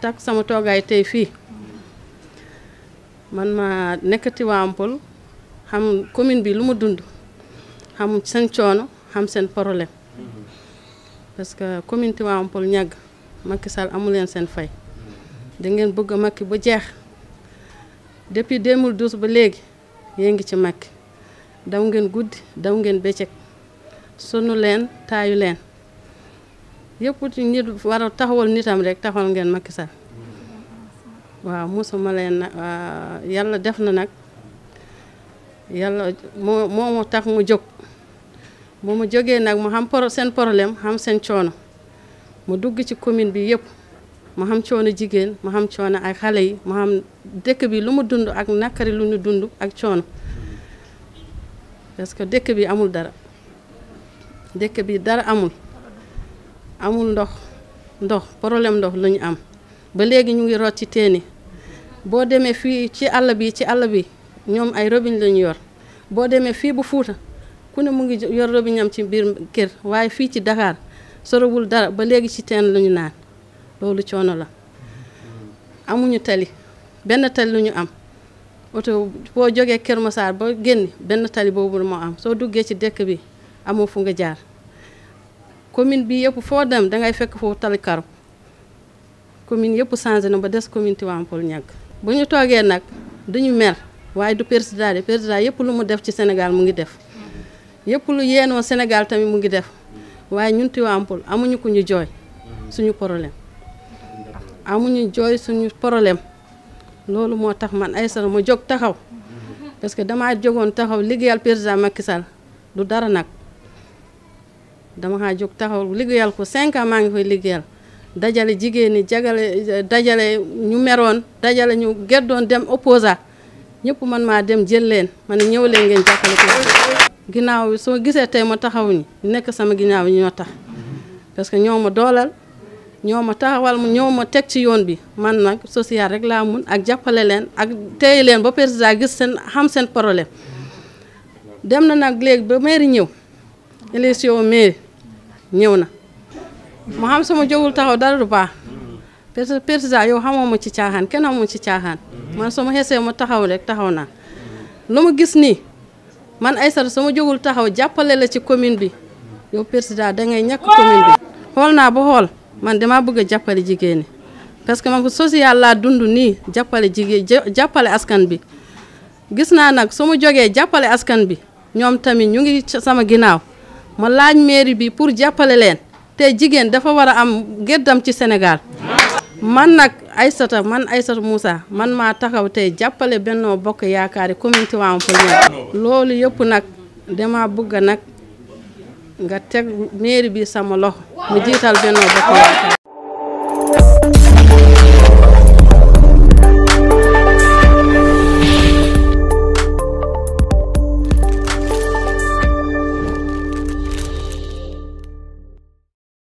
tak sama toogaay tey fii man ma nekk Tivaouane xam commune bi lu ma dund xam seen coono xam seen problème parce que commune Tivaouane Peulh ñàgg Macky Sall amu leen seen fay da ngeen bëgg a Macky ba jeex depuis 2012 ba léegi yéen ngi ci Macky daw ngeen guddi daw ngeen bëccëg sunu leen taayu leen yépp yëpp nit war a taxawal nitam rek taxawal ngeen Macky Sall waaw mosuma leen yàlla def na nag yàlla moo moo tax mu jóg bu mu jógee nag mu xam seen poroblème xam seen coono mu dugg ci commune bi yëpp mu xam coono jigéen mu xam coono ak xale yi mu xam dëkk bi lu mu dund ak nakari lu ñu dund ak coono parce que dëkk bi amul dara dëkk bi dara amul amul ndox ndox problème ndox lañu am ba léegi ñu ngi root ci teeni boo demee fii ci àll bi ci àll bi ñoom ay robinet lañu yor boo demee fii bu Fuuta ku ne mu ngi yor am ci biir kër waaye fii ci Dakar sorowul dara ba léegi ci teen lañu naan loolu coono la amuñu tali benn tali lañu am oto boo jógee Kër Massar ba génn benn tali boobu moo am soo duggee ci dëkk bi amoo fu nga jaar commune bi yëpp foo dem dangay fekk foofu tali karu commune yëpp changé na ba des commune Tivaouane Peulh ñàkk bu ñu toogee nag duñu mer waaye du président de président yëpp lu mu def ci senegal mu ngi def yëpp lu yéenoo Sénégal tamit mu ngi def waaye ñun Tivaouane Peulh amuñu ku ñu jooy suñu problème amuñu jooy suñu problème loolu moo tax man ay Aïssata ma jóg taxaw parce que damaa jógoon taxaw liggéeyal président Macky Sall du dara nag dama xaa jóg taxaw liggéeyal ko cinq ans maa ngi koy liggéeyal dajale jigéen ñi jagale dajale ñu meroon dajale ñu geddoon dem opposa ñëpp man maa dem jël leen man ne ñëw leen ngeen jàppale ko ginnaaw soo gisee tey ma taxawuñu nekk sama ginnaaw ñi ñoo tax parce que ñoo ma doolal ñoo ma taxawal ñoo ma teg ci yoon bi man nag social rek laa mun ak jàppale leen ak téye leen ba président gis seen xam seen problème dem na nag léegi ba mairie ñëw élection mairie ñëw na mu xam sama jógul taxaw dara du baax président yow xamoo ma ci caaxaan kenn xamoo ci caaxaan man soo sama xesee ma taxaw rek taxaw naa lu ma gis nii man Aysatu sama jógul taxaw jàppale la ci commune bi yow président dangay ñàkk commune bi xool naa ba xool man damaa bëgg a jàppale jigéen ñi parce que man ko social laa dund nii jàppale jigéen jàppale askan bi gis naa nag su ma jógee jàppale askan bi ñoom tamit ñu ngi sama ginnaaw ma laaj mairie bi pour jàppale leen te jigéen dafa war a am gëddam ci senegal man nag Aïssata man Aïssata Moussa man maa taxaw tey jàppale Benno Bokk Yaakaar commune Tivaouane Peulh loolu yëpp nag dama bëgg nag nga teg mairie bi sama loxo mu jiital Benno Bokk Yaakaar